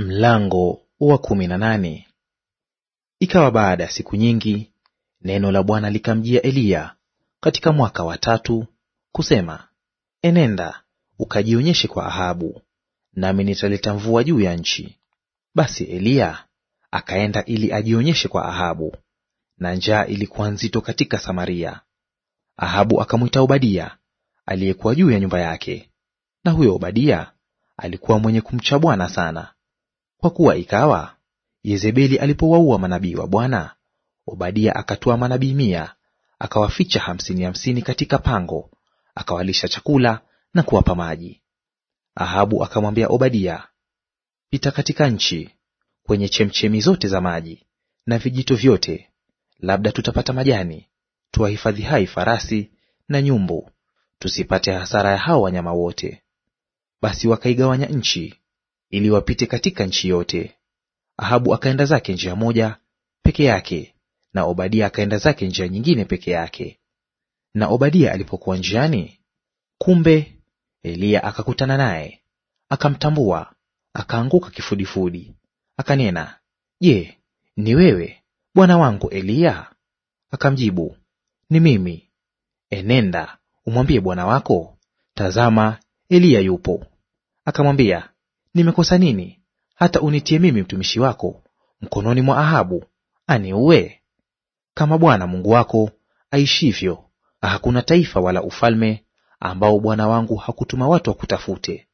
Mlango wa kumi na nane. Ikawa baada ya siku nyingi, neno la Bwana likamjia Eliya katika mwaka wa tatu kusema, enenda ukajionyeshe kwa Ahabu, nami nitaleta mvua juu ya nchi. Basi Eliya akaenda ili ajionyeshe kwa Ahabu, na njaa ilikuwa nzito katika Samaria. Ahabu akamwita Obadia aliyekuwa juu ya nyumba yake, na huyo Obadia alikuwa mwenye kumcha Bwana sana. Kwa kuwa ikawa Yezebeli alipowaua manabii wa Bwana, Obadia akatua manabii mia, akawaficha hamsini hamsini katika pango, akawalisha chakula na kuwapa maji. Ahabu akamwambia Obadia, pita katika nchi kwenye chemchemi zote za maji na vijito vyote, labda tutapata majani, tuwahifadhi hai farasi na nyumbu, tusipate hasara ya hao wanyama wote. Basi wakaigawanya nchi ili wapite katika nchi yote. Ahabu akaenda zake njia moja peke yake, na Obadia akaenda zake njia nyingine peke yake. Na Obadia alipokuwa njiani, kumbe Eliya akakutana naye, akamtambua, akaanguka kifudifudi, akanena, Je, ni wewe bwana wangu Eliya? Akamjibu, ni mimi. Enenda umwambie bwana wako, tazama, Eliya yupo. Akamwambia, nimekosa nini hata unitie mimi mtumishi wako mkononi mwa Ahabu aniue? Kama Bwana Mungu wako aishivyo, hakuna taifa wala ufalme ambao bwana wangu hakutuma watu wakutafute.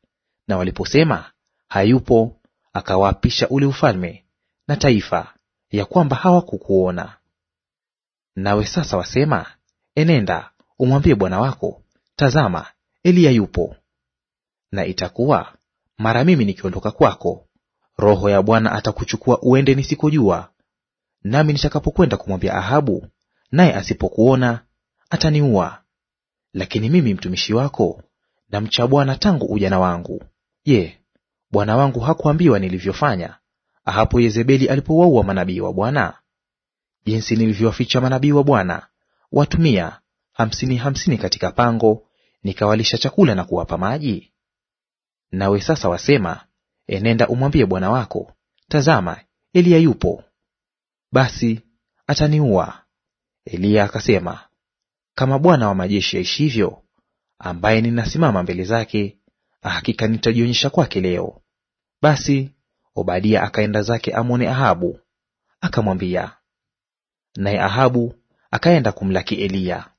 Na waliposema hayupo, akawaapisha ule ufalme na taifa, ya kwamba hawakukuona. Nawe sasa wasema, enenda umwambie bwana wako, tazama, Eliya yupo. Na itakuwa mara mimi nikiondoka kwako, Roho ya Bwana atakuchukua uende nisikojua. Nami nitakapokwenda kumwambia Ahabu, naye asipokuona ataniua. Lakini mimi mtumishi wako namcha Bwana tangu ujana wangu. Je, bwana wangu hakuambiwa nilivyofanya hapo Yezebeli alipowaua manabii wa Bwana? Jinsi nilivyowaficha manabii wa Bwana watumia hamsini hamsini katika pango, nikawalisha chakula na kuwapa maji. Nawe sasa wasema, enenda eh, umwambie bwana wako, tazama, Eliya yupo, basi ataniua. Eliya akasema, kama Bwana wa majeshi aishivyo, ambaye ninasimama mbele zake, hakika nitajionyesha kwake leo. Basi Obadia akaenda zake amwone Ahabu, akamwambia naye Ahabu akaenda kumlaki Eliya.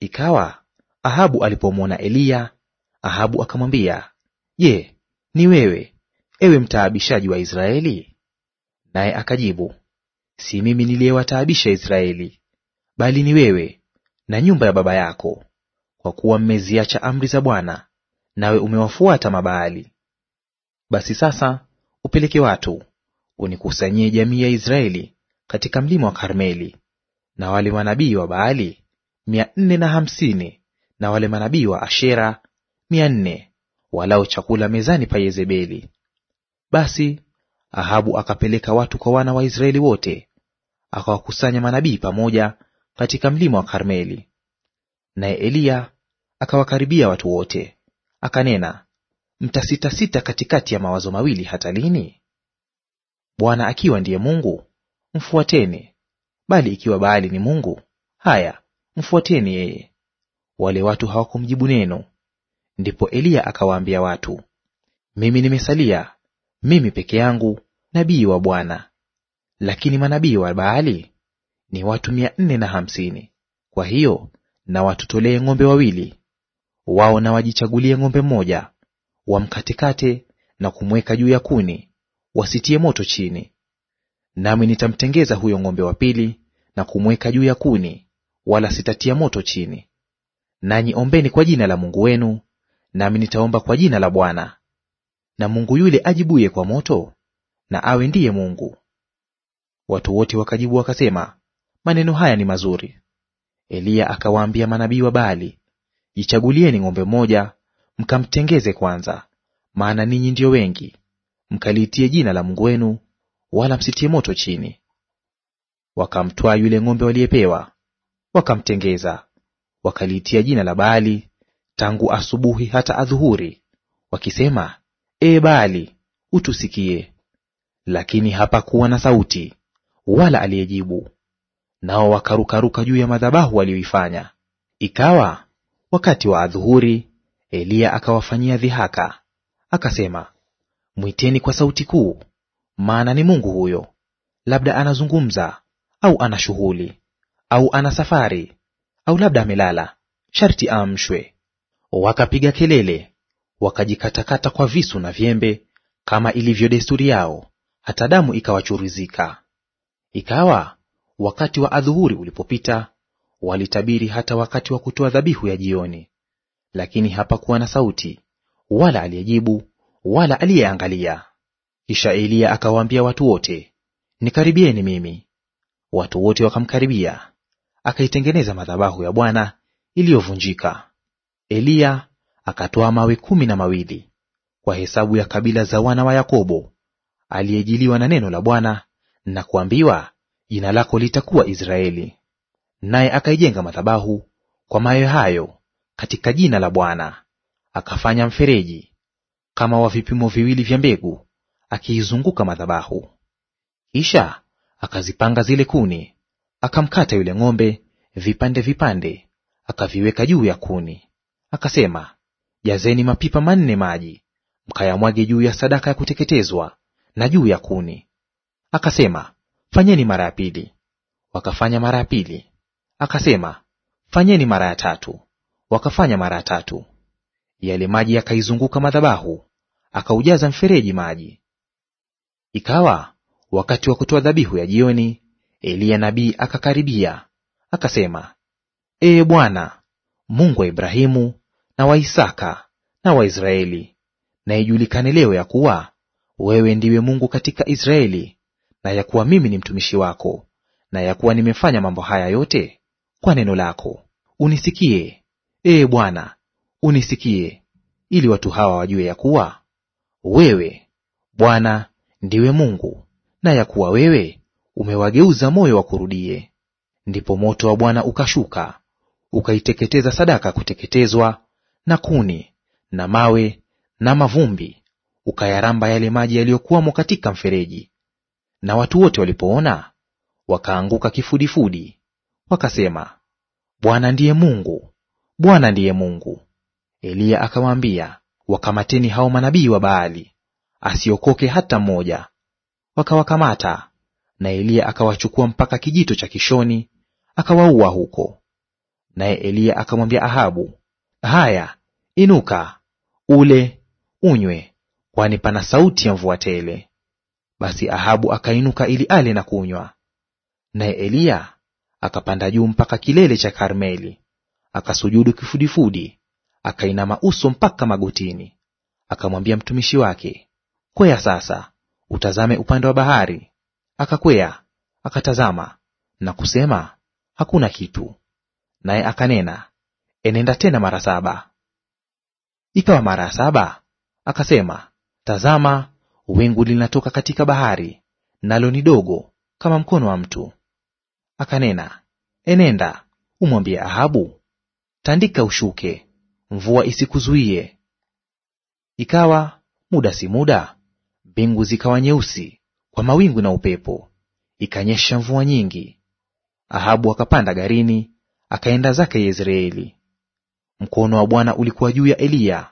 Ikawa Ahabu alipomwona Eliya, Ahabu akamwambia, Je, ni wewe, ewe mtaabishaji wa Israeli? Naye akajibu, si mimi niliyewataabisha Israeli, bali ni wewe na nyumba ya baba yako, kwa kuwa mmeziacha amri za Bwana, nawe umewafuata Mabaali. Basi sasa upeleke watu unikusanyie jamii ya Israeli katika mlima wa Karmeli, na wale manabii wa Baali mia nne na hamsini na wale manabii wa Ashera mia nne walao chakula mezani pa Yezebeli. Basi Ahabu akapeleka watu kwa wana wa Israeli wote, akawakusanya manabii pamoja katika mlima wa Karmeli. Naye Eliya akawakaribia watu wote, akanena, mtasitasita katikati ya mawazo mawili hata lini? Bwana akiwa ndiye Mungu, mfuateni; bali ikiwa Baali ni mungu, haya, mfuateni yeye. Wale watu hawakumjibu neno, Ndipo Eliya akawaambia watu, mimi nimesalia mimi peke yangu nabii wa Bwana, lakini manabii wa Baali ni watu mia nne na hamsini. Kwa hiyo na watutolee ng'ombe wawili, wao na wajichagulie ng'ombe mmoja, wamkatekate na kumweka juu ya kuni, wasitie moto chini. Nami nitamtengeza huyo ng'ombe wa pili na kumweka juu ya kuni, wala sitatia moto chini. Nanyi ombeni kwa jina la Mungu wenu nami nitaomba kwa jina la Bwana. Na Mungu yule ajibuye kwa moto, na awe ndiye Mungu. Watu wote wakajibu wakasema, maneno haya ni mazuri. Eliya akawaambia manabii wa Baali, jichagulieni ng'ombe moja, mkamtengeze kwanza, maana ninyi ndiyo wengi, mkaliitie jina la Mungu wenu, wala msitie moto chini. Wakamtwaa yule ng'ombe waliyepewa, wakamtengeza, wakaliitia jina la Baali tangu asubuhi hata adhuhuri, wakisema, e Baali, utusikie. Lakini hapakuwa na sauti wala aliyejibu. Nao wakarukaruka juu ya madhabahu waliyoifanya. Ikawa wakati wa adhuhuri, Eliya akawafanyia dhihaka, akasema, mwiteni kwa sauti kuu, maana ni Mungu huyo; labda anazungumza, au ana shughuli, au ana safari, au labda amelala; sharti aamshwe. Wakapiga kelele, wakajikatakata kwa visu na vyembe, kama ilivyo desturi yao, hata damu ikawachuruzika. Ikawa wakati wa adhuhuri ulipopita, walitabiri hata wakati wa kutoa dhabihu ya jioni, lakini hapakuwa na sauti wala aliyejibu wala aliyeangalia. Kisha Eliya akawaambia watu wote, nikaribieni mimi. Watu wote wakamkaribia. Akaitengeneza madhabahu ya Bwana iliyovunjika. Eliya akatoa mawe kumi na mawili kwa hesabu ya kabila za wana wa Yakobo, aliyejiliwa na neno la Bwana na kuambiwa, jina lako litakuwa Israeli. Naye akaijenga madhabahu kwa mawe hayo katika jina la Bwana, akafanya mfereji kama wa vipimo viwili vya mbegu akiizunguka madhabahu. Kisha akazipanga zile kuni, akamkata yule ng'ombe vipande vipande, akaviweka juu ya kuni akasema, jazeni mapipa manne maji, mkayamwage juu ya sadaka ya kuteketezwa na juu ya kuni. Akasema, fanyeni mara ya pili. Wakafanya mara ya pili. Akasema, fanyeni mara ya tatu. Wakafanya mara ya tatu. Yale maji yakaizunguka madhabahu, akaujaza mfereji maji. Ikawa wakati wa kutoa dhabihu ya jioni, Eliya nabii akakaribia, akasema, Ee Bwana Mungu wa Ibrahimu na Waisaka na Waisraeli, na ijulikane leo ya kuwa wewe ndiwe Mungu katika Israeli, na ya kuwa mimi ni mtumishi wako, na ya kuwa nimefanya mambo haya yote kwa neno lako. Unisikie, Ee Bwana, unisikie, ili watu hawa wajue ya kuwa wewe Bwana ndiwe Mungu, na ya kuwa wewe umewageuza moyo wa kurudie Ndipo moto wa Bwana ukashuka ukaiteketeza sadaka kuteketezwa na kuni na mawe na mavumbi, ukayaramba yale maji yaliyokuwamo katika mfereji. Na watu wote walipoona, wakaanguka kifudifudi, wakasema, Bwana ndiye Mungu, Bwana ndiye Mungu. Eliya akawaambia, wakamateni hao manabii wa Baali, asiokoke hata mmoja. Wakawakamata, na Eliya akawachukua mpaka kijito cha Kishoni, akawaua huko. Naye Eliya akamwambia Ahabu, Haya, inuka, ule, unywe, kwani pana sauti ya mvua tele. Basi Ahabu akainuka ili ale na kunywa. Naye Eliya akapanda juu mpaka kilele cha Karmeli, akasujudu kifudifudi, akainama uso mpaka magotini. Akamwambia mtumishi wake, kwea sasa utazame upande wa bahari. Akakwea akatazama na kusema, hakuna kitu. Naye akanena, enenda tena mara saba. Ikawa mara ya saba akasema, tazama, wingu linatoka katika bahari, nalo ni dogo kama mkono wa mtu. Akanena, enenda umwambie Ahabu, tandika ushuke, mvua isikuzuie. Ikawa muda si muda, mbingu zikawa nyeusi kwa mawingu na upepo, ikanyesha mvua nyingi. Ahabu akapanda garini, akaenda zake Yezreeli. Mkono wa Bwana ulikuwa juu ya Eliya,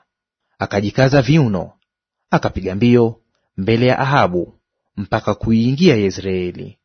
akajikaza viuno, akapiga mbio mbele ya Ahabu mpaka kuiingia Yezreeli.